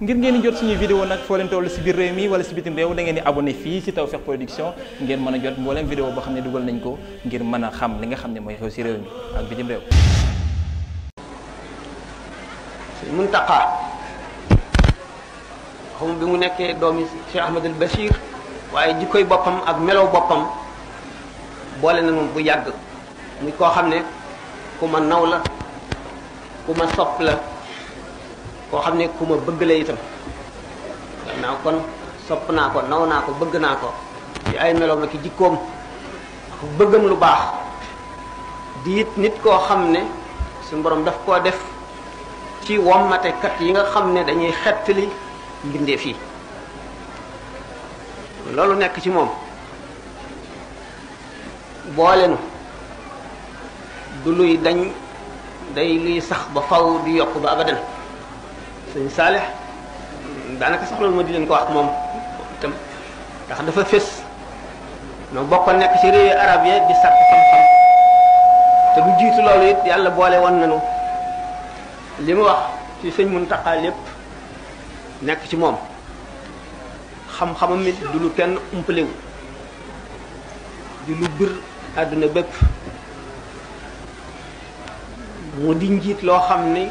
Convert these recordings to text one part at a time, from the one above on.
ngir ngeen jot suñuy vidéo nag foo leen toll si biir réew mi wala si bitim réew da ngeen di abonné fii si Tawfekh Production ngeen mën a jot mbooleem vidéo boo xam ne dugal nañ ko ngir mën a xam li nga xam ne moo xew si réew mi ak bitim réew sëñ Muntaqa xamu bi mu nekkee doomi Cheikh Ahmadul Bachir waaye jikkoy boppam ak melow boppam boole na moom bu yàgg muy koo xam ne ku ma naw la ku ma sopp la koo xam ne ku ma bëgg la itam gannaaw kon sopp naa ko naw naa ko bëgg naa ko ci ay meloom ak jikkoom bëgg lu baax di nit koo xam ne si borom daf koo def ci wommatekat yi nga xam ne dañuy xettali mbindeef yi loolu nekk ci moom boolenu du luy dañ day luy sax ba faw di yokk ba abadan sëñ Saalix daanaka sax loolu ma di leen ko wax moom itam ndax dafa fés noo bokkoon nekk ci réew arab ya di sàkk xam te du jiitu loolu it yàlla boole woon nañu li mu wax ci sëñ Muntaqa lépp nekk ci moom xam-xamam it du lu kenn umpalewu di lu bir àdduna bépp mu di njiit loo xam ni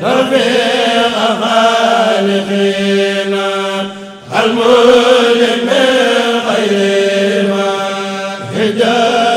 توفيق خالقنا الملك من خير ما هجر